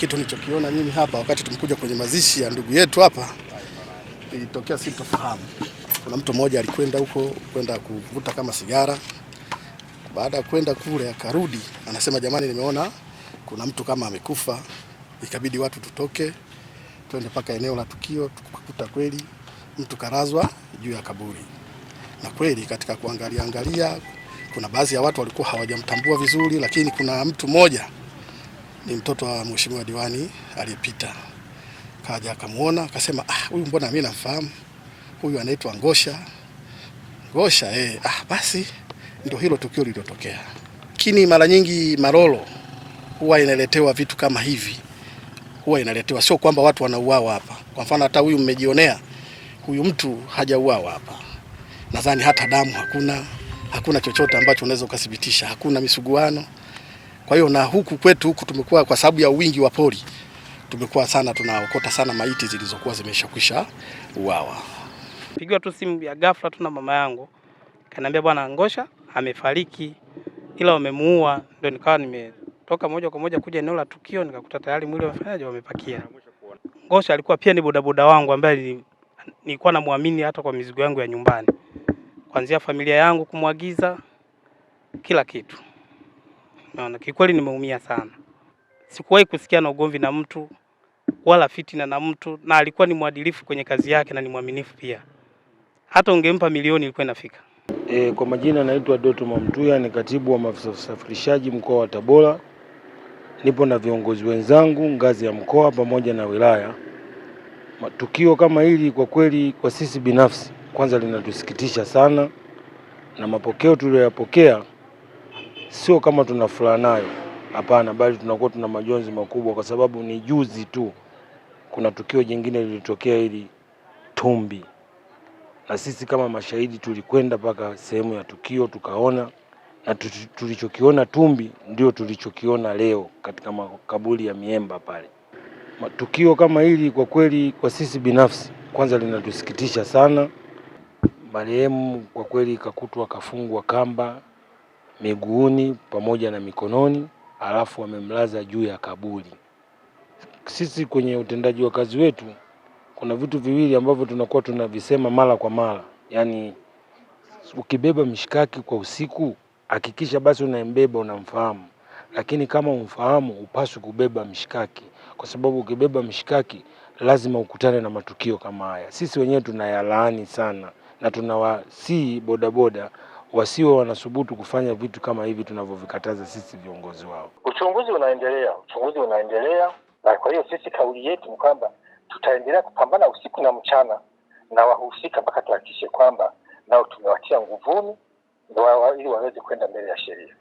Kitu nilichokiona mimi hapa wakati tumekuja kwenye mazishi ya ndugu yetu hapa, ilitokea sintofahamu. Kuna mtu mmoja alikwenda huko kwenda kuvuta kama sigara, baada ya kwenda kule akarudi, anasema jamani, nimeona kuna mtu kama amekufa. Ikabidi watu tutoke twende mpaka eneo la tukio, tukakuta kweli mtu karazwa juu ya kaburi, na kweli katika kuangalia angalia, kuna baadhi ya watu walikuwa hawajamtambua vizuri, lakini kuna mtu mmoja ni mtoto wa mheshimiwa diwani aliyepita, kaja akamwona akasema, ah, huyu mbona mimi namfahamu huyu, anaitwa Ngosha Ngosha eh, ah, basi ndio hilo tukio lililotokea. Lakini mara nyingi Malolo huwa inaletewa vitu kama hivi, huwa inaletewa, sio kwamba watu wanauawa hapa. Kwa mfano hata huyu mmejionea, huyu mtu hajauawa hapa, nadhani hata damu hakuna, hakuna chochote ambacho unaweza ukathibitisha, hakuna misuguano. Kwa hiyo na huku kwetu huku tumekuwa kwa sababu ya wingi wa pori tumekuwa sana tunaokota sana maiti zilizokuwa zimeshakwisha uawa. Pigiwa tu simu ya ghafla tu na mama yangu kaniambia, bwana Ngosha amefariki, ila wamemuua. Ndio nikawa nimetoka moja kwa moja kuja eneo la tukio, nikakuta tayari mwili wafanyaji wamepakia. Ngosha alikuwa pia ni bodaboda wangu ambaye nilikuwa namwamini hata kwa mizigo yangu ya nyumbani, kuanzia familia yangu kumwagiza kila kitu. Naona kikweli nimeumia sana. Sikuwahi kusikia na ugomvi na mtu wala fitina na mtu, na alikuwa ni mwadilifu kwenye kazi yake na ni mwaminifu pia, hata ungempa milioni ilikuwa inafika. E, kwa majina naitwa Doto Mamtuya, ni katibu wa maafisa usafirishaji mkoa wa Tabora. Nipo na viongozi wenzangu ngazi ya mkoa pamoja na wilaya. Matukio kama hili kwa kweli, kwa sisi binafsi, kwanza linatusikitisha sana, na mapokeo tuliyoyapokea sio kama tuna furaha nayo, hapana, bali tunakuwa tuna majonzi makubwa, kwa sababu ni juzi tu kuna tukio jingine lilitokea ili Tumbi, na sisi kama mashahidi tulikwenda mpaka sehemu ya tukio tukaona, na tulichokiona Tumbi ndio tulichokiona leo katika makaburi ya Miemba pale. Tukio kama hili kwa kweli, kwa sisi binafsi, kwanza linatusikitisha sana. Marehemu kwa kweli kakutwa kafungwa kamba miguuni pamoja na mikononi, alafu wamemlaza juu ya kaburi. Sisi kwenye utendaji wa kazi wetu kuna vitu viwili ambavyo tunakuwa tunavisema mara kwa mara, yaani ukibeba mshikaki kwa usiku, hakikisha basi unayembeba unamfahamu, lakini kama umfahamu, upaswi kubeba mshikaki, kwa sababu ukibeba mshikaki lazima ukutane na matukio kama haya. Sisi wenyewe tunayalaani sana na tunawasihi bodaboda wasiwe wanasubutu kufanya vitu kama hivi tunavyovikataza sisi viongozi wao. Uchunguzi unaendelea, uchunguzi unaendelea, na kwa hiyo sisi kauli yetu ni kwamba tutaendelea kupambana usiku na mchana na wahusika mpaka tuhakikishe kwamba nao tumewatia nguvuni ili waweze kwenda mbele ya sheria.